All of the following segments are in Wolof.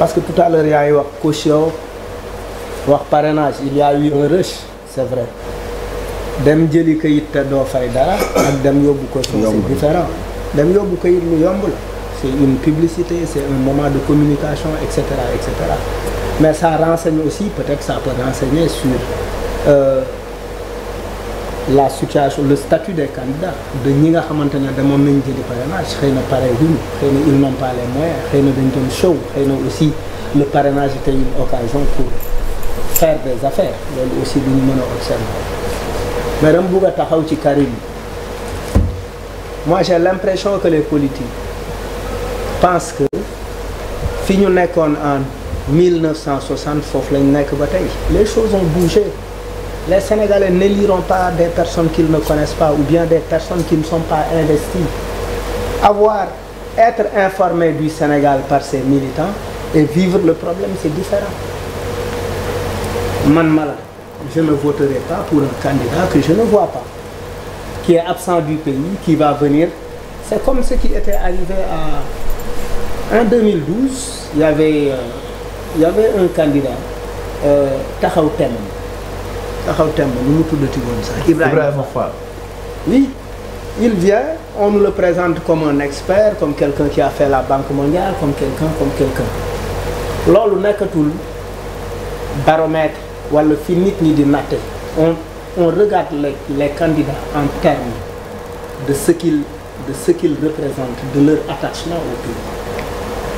parce que tout à l'heure yaa ngi wax caution wax parrainage il y a eu un rush c'est vrai dem jëli kayit te doo fay dara ak dem yóbbu caution c'est différent dem yóbbu kayit lu yomb la c'est une publicité c'est un moment de communication et cetera et cetera mais ça renseigne aussi peut-être ça peut renseigner sur euh, la situation le statut des candidats de ñi nga xamante ne demoon nañ jëli parrainage xëy na pare wuñu na ils n'ont pas les moyens xëy na dañ doon show xëy na aussi le parrainage était une occasion pour faire des affaires loolu aussi lu ñu mën a observer mais dama bugg a taxaw ci Karim moi j'ai l'impression que les politiques pensent que fi ñu nekkoon en 1960 foofu lañ nekk ba tey les choses ont bougé les Sénégalais n'éliront pas des personnes qu'ils ne connaissent pas ou bien des personnes qui ne sont pas investies. Avoir, être informé du Sénégal par ses militants et vivre le problème, c'est différent. Man Mala, je ne voterai pas pour un candidat que je ne vois pas, qui est absent du pays, qui va venir. C'est comme ce qui était arrivé en 2012. Il y avait, euh, il un candidat, euh, taxaw temb nu mu tuddati woon sax Ibrahima Fall oui il vient on nous présente comme un expert comme quelqu'un qui a fait la banque mondiale comme quelqu'un comme quelqu'un loolu nekkatul baromètre wala fi nit ñi di natte on on regarde les candidats en termes de ce qu'ils de ce qu'ils représentent de leur attachement au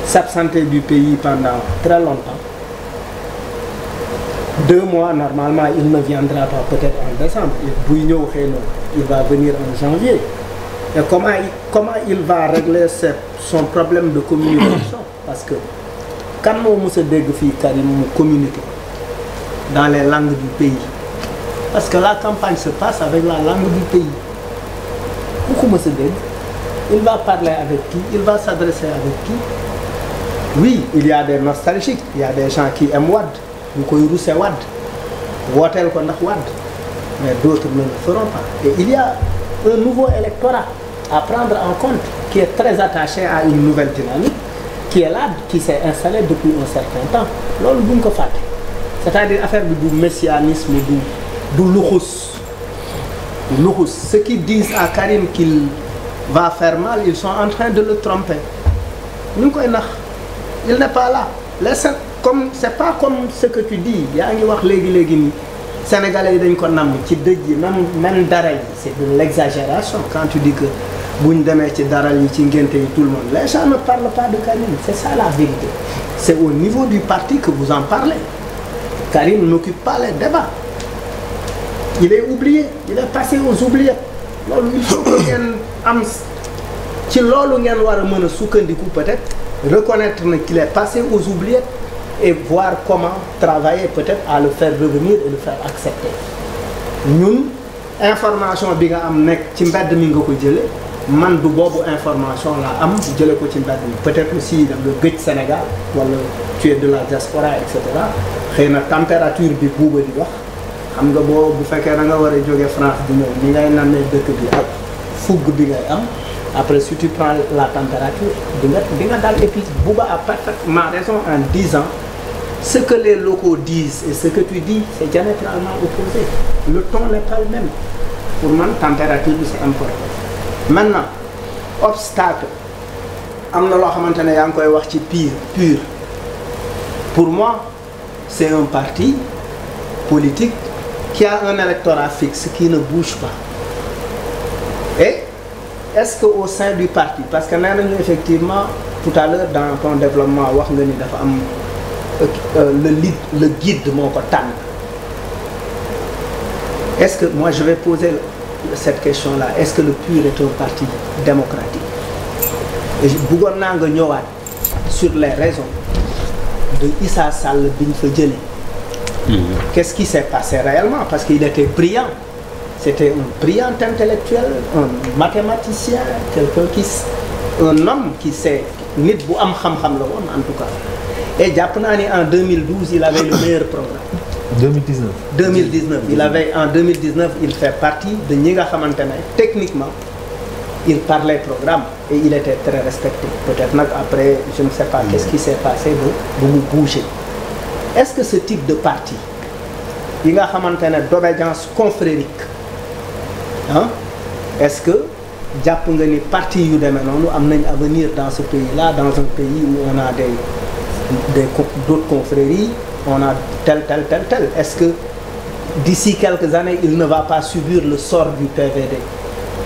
s'absenter du pays pendant très longtemps deux mois normalement il ne viendra pas peut-être en décembre buy ñëw xëy na il va venir en janvier et comment il, comment il va régler ce son problème de communication parce que kan moo mës a dégg fii Karim mu communiquer dans les langues du pays parce que la campagne se passe avec la langue du pays ku ko mës a dégg il va parler avec qui il va s'adresser avec qui oui il y a des nostalgiques il y a des gens qui aiment ñu koy rousser Wade wooteel ko ndax Wade mais d'autres ne le feront il y un nouveau électorat à prendre en compte qui est très attaché à une nouvelle dynamique qui est là qui s'est installée depuis un certain temps loolu buñ ko fàtte c'est-à-dire affaire bi du messianisme du du luxus luxus ceux qui disent à Karim qu'il va faire mal ils sont en train de le tromper ñu ngi koy nax il n'est pas là les comme c'est pas comme ce que tu dis yaa ngi wax léegi léegi nii sénégalais yi dañ ko namm ci dëj yi même même dara yi c'est de l'exagération quand tu dis que bu ñu demee ci dara yi ci ngénte yi tout le monde les gens ne parlent pas de Karim c'est ça la vérité c'est au niveau du parti que vous en parlez Karim n'occupe pas les débats il est oublié il est passé aux oubliettes loolu il faut que ngeen am ci loolu ngeen war a mën a sukkandiku peut-être reconnaître na qu'il est passé aux oubliettes et voir comment travailler peut-être à le faire revenir et le faire accepter ñun information bi nga am nekk ci mbedd mi nga ko jële man du boobu information laa am jële ko ci mbedd mi peut-être aussi da nga gëj Sénégal wala tu de la diaspora et cetera xëy na température bi buuba di wax xam nga boo bu fekkee na nga war jóge France di ñëw li ngay naan dëkk bi ak fugg bi ngay am après si tu prends la température di nga di nga daal épice Bouba a parfaitement raison en disant ce que les locaux disent et ce que tu dis c'est diamétralement opposé le ton n'est pas le même pour man température bi c'est important maintenant obstacle am na loo xamante ne yaa ngi koy wax ci pur pur pour moi c'est un parti politique qui a un électorat fixe qui ne bouge pas est-ce que au sein du parti parce que nee nañu effectivement tout à l'heure dans ton développement wax nga ni dafa am euh, le lead le guide moo ko tànn est-ce que moi je vais poser cette question là est-ce que le PUR est un parti démocratique et bëggoon naa nga ñëwaat sur les raisons de Issa Sall bi ñu fa jëlee mm-hmm. qu'est-ce qui s'est passé réellement parce qu'il était brillant C'était un brillant intellectuel, un mathématicien, quelqu'un qui un homme qui sait nit bu am xam-xam la woon en tout cas et jàpp naa ni en 2012 il avait le meilleur programme. 2019. 2019 il avait en 2019 il fait partie de ñi nga xamante ne techniquement il parlait programme et il était très respecté peut-être nag après je ne sais pas qu'est-ce qui s'est passé ba ba mu bougé est-ce que ce type de parti yi nga xamante ne d'obédience confrérique ah est-ce que jàpp nga ni partie yu demee noonu am nañ avenir dans ce pays-là dans un pays oo on a des des d'autres confréries on a tel tel tel tel est-ce que d'ici quelques années il ne va pas subir le sort du PVD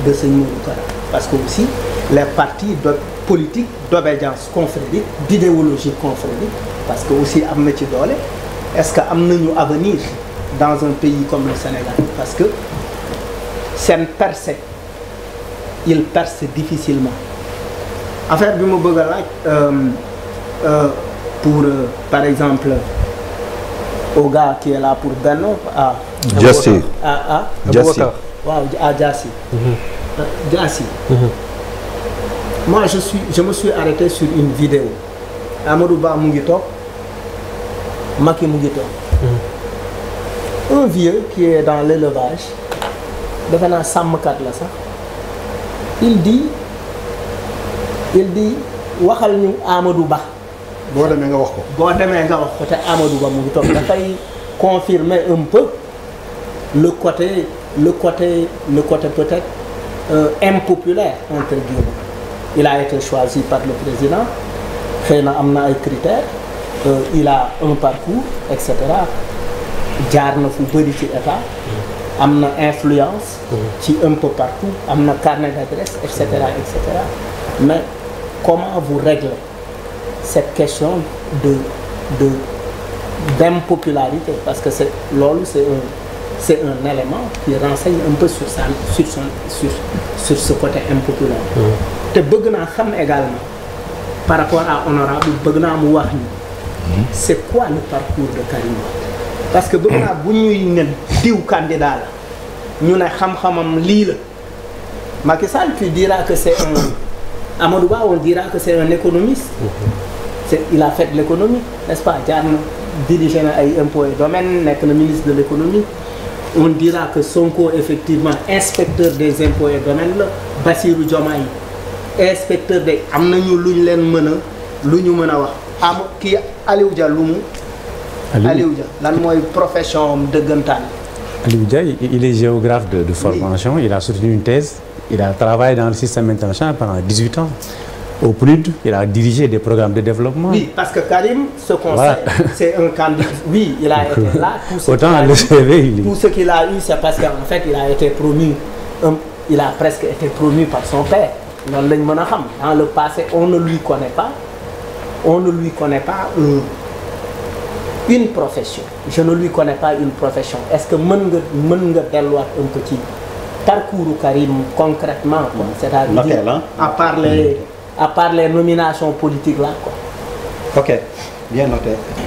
de Serigne Modou Kara parce que aussi les partie de politique d'obédience confrérie d'idéologie confrérie parce que aussi am na ci doole est-ce que am nañu avenir dans un pays comme le Sénégal parce que seen percé il perce difficilement affaire bi ma bëgg a laaj euh, euh, pour euh, par exemple au gars qui est pour Benno à Diassi à à Diassi waaw à Diassi mhm. mhm. Diassi je me suis arrêté sur une vidéo Amadou Ba mu ngi toog Macky mu ngi toog mhm. un vieux qui est dans l'élevage defe naa sàmmkat la sax il di il di waxal ñu Amadou Ba. boo demee nga wax ko. boo demee nga wax ko te Amadou Ba mu ngi toog fay confirmer un peu le côté le côté le côté peut-être euh, impopulaire entre guillemets. il a été choisi par le président xëy na am na ay critères euh, il a un parcours et cetera jaar na fu bëri ci état. am na influence. Mhm. ci un peu partout am na carnet d'adresse et cetera et cetera mais comment vous réglez cette question de d'impopularité parce que c'est loolu c'est un c'est un élément qui renseigne un peu sur sa sur sur ce côté impopulaire. Mhm. te bëgg naa xam également par rapport à honorable bëgg naa mu wax mhm. c'est quoi le parcours de Karim parce que bëgg ak bu ñuy nen diw candidat la ñu ne xam-xamam lii la Macky Sall tu diras que c'est un Amadou Ba on dira que c'est un économiste c'est il a fait l'économie ay impôts et domaines nekk na ministre de l'économie on dira que Sonko effectivement inspecteur des impôts et domaines la Bassirou yi inspecteur des am na ñu lu ñu leen mën a lu ñu mën a wax am kii Aliou Dia lu mu Aliou Dia lan mooy profession am dëggantaan. Aliou Dia il de, de formation oui. il a soutenu a travaillé dans le système international pendant 18 ans de développement. oui que Karim. ce un candidat oui il a été est. tout que en fait il a presque été promu par lañ mën a xam dans le pas on ne lui connaît euh, une profession je ne lui connais pas une profession est-ce que mën nga mën nga delluwaat un peu ci parcours Karim concrètement quoi mm-hmm. c'est-à-dire okay, à part les mm-hmm. à part les nominations politiques là quoi ok bien noté